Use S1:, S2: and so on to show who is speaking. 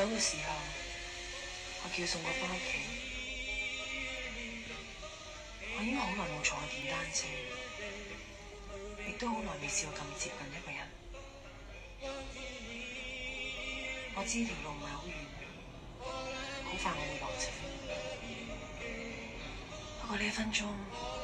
S1: 走嘅時候，我叫佢送我返屋企，我已經好耐冇坐過電單車，亦都好耐未試過咁接近一個人。我知道這條路唔係好遠，好快我會落車，不過呢一分鐘。